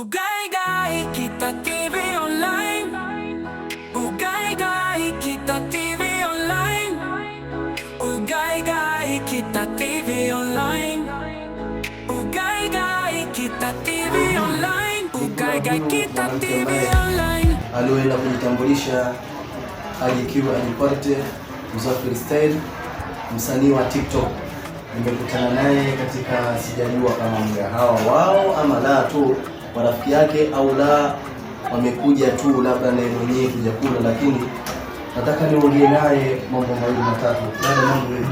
Ugaigay Kita TV Online Kita TV Online Kita TV Online Kita TV Online Kita TV Online kujitambulisha AJQ Ajiparte Mzafiri Style msanii wa TikTok nimekutana naye katika sijajua kama mgahawa wao ama la tu marafiki yake au la wamekuja tu labda naye mwenyewe kuja kula, lakini nataka niongee naye mambo mawili matatu. Dada, mambo yenu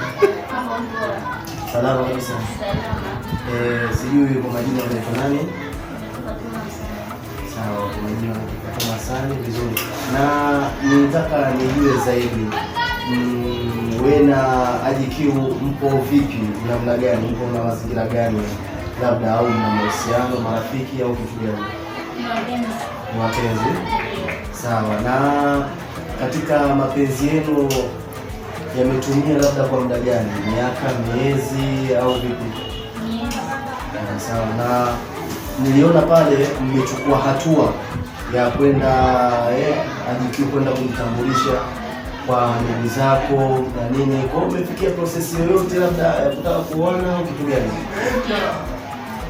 salama kabisa? Eh, sijui kwa majina unaitwa nani? Sawa, kwa majina kama sana vizuri, na nitaka nijue zaidi wewe na Ajikiu mpo vipi, namna gani, mpo na mazingira gani? labda au na mahusiano marafiki au kitu gani? Mapenzi. Sawa. Na katika mapenzi yenu yametumia labda kwa muda gani, miaka, miezi au vipi? Sawa. Na niliona pale mmechukua hatua ya kwenda eh, ADQ kwenda kumtambulisha kwa ndugu zako na nini, kwa umefikia prosesi yoyote labda ya kutaka kuona au kitu gani?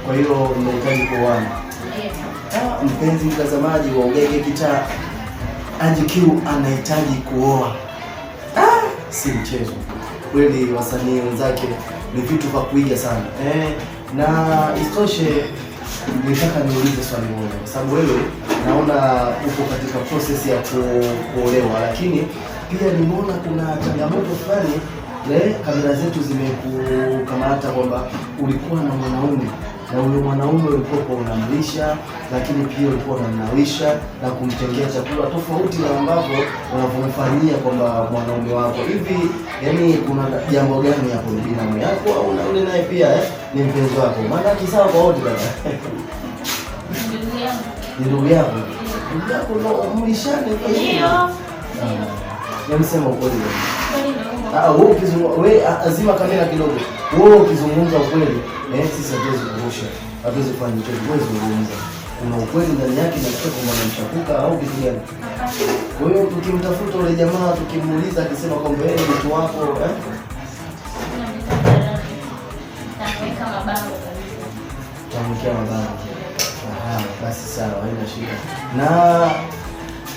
Kwa hiyo nahitaji kuoana. Mpenzi mtazamaji wa Ugege Kitaa, ajikiu anahitaji kuoa. Ah, si mchezo kweli, wasanii wenzake ni vitu vya kuiga sana eh, na isitoshe nitaka niulize swali moja, kwa sababu wewe naona uko katika process ya kuolewa, lakini pia nimeona kuna changamoto fulani, eh, kamera zetu zimekukamata kwamba ulikuwa na mwanaume na ule mwanaume ulikuwa unamlisha, lakini pia ulikuwa unamnawisha na kumtengea chakula, tofauti na ambavyo unavyomfanyia kwamba mwanaume wako hivi. Yani kuna jambo gani hapo? Ni binamu yako au na ule naye pia eh, ni mpenzi wako? Maana kisawa kwa wote baba ni ndugu yako, ndugu yako ndo mlishane. Kwa hiyo ah, msema ukweli, ah, wewe azima ah, kamera kidogo wewe ukizungumza kweli na sisi hatuwezi kurusha, hatuwezi kufanya chochote. Wewe zungumza, kuna ukweli ndani yake, na kitu kama mchakuka au kitu gani. Kwa hiyo tukimtafuta yule jamaa tukimuuliza, akisema kwamba yeye ni mtu wako eh, tamkia mabano, aha, basi sawa, haina shida na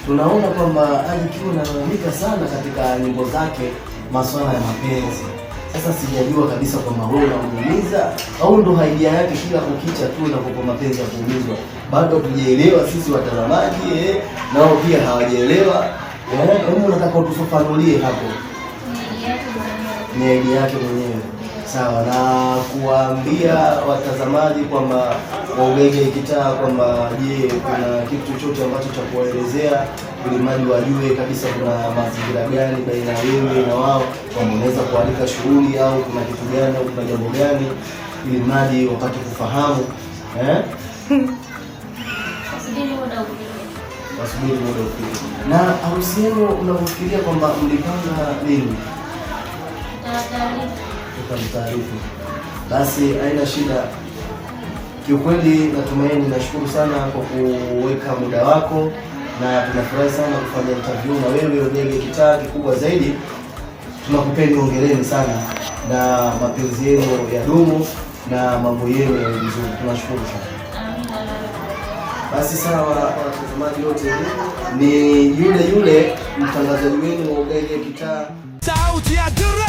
tunaona kwamba Alikiwa analalamika sana katika nyimbo zake masuala ya mapenzi sasa sijajua kabisa kwamba wewe unamuumiza au ndo haidia yake kila kukicha tu inapokuwa mapenzi ya kuumizwa. Bado hatujaelewa sisi watazamaji eh, nao pia hawajaelewa. Wewe eh, unataka utufafanulie hapo ni haidia yake mwenyewe. Sawa, na kuambia watazamaji kwamba waugege kitaa kwamba je, kuna kitu chochote ambacho cha kuwaelezea ulimaji wajue kabisa kuna mazingira gani baina ya wewe na wao, kwamba unaweza kualika shughuli au kuna kitu gani au kuna jambo gani ili mradi wapate kufahamu eh? wasubiri muda ufike. Na harusienu unavyofikiria kwamba mlipanga lini? Tutamtaarifu basi, haina shida. Kiukweli natumaini, nashukuru sana kwa kuweka muda wako, na tunafurahi sana kufanya interview na wewe. Onyege kitaa kikubwa zaidi, tunakupenda, ongeleni sana, na mapenzi yenu ya dumu na mambo yenu ya vizuri, tunashukuru sana. Basi sawa, watazamaji wote, ni yule yule mtangazaji wenu wa Ugege Kitaa, sauti ya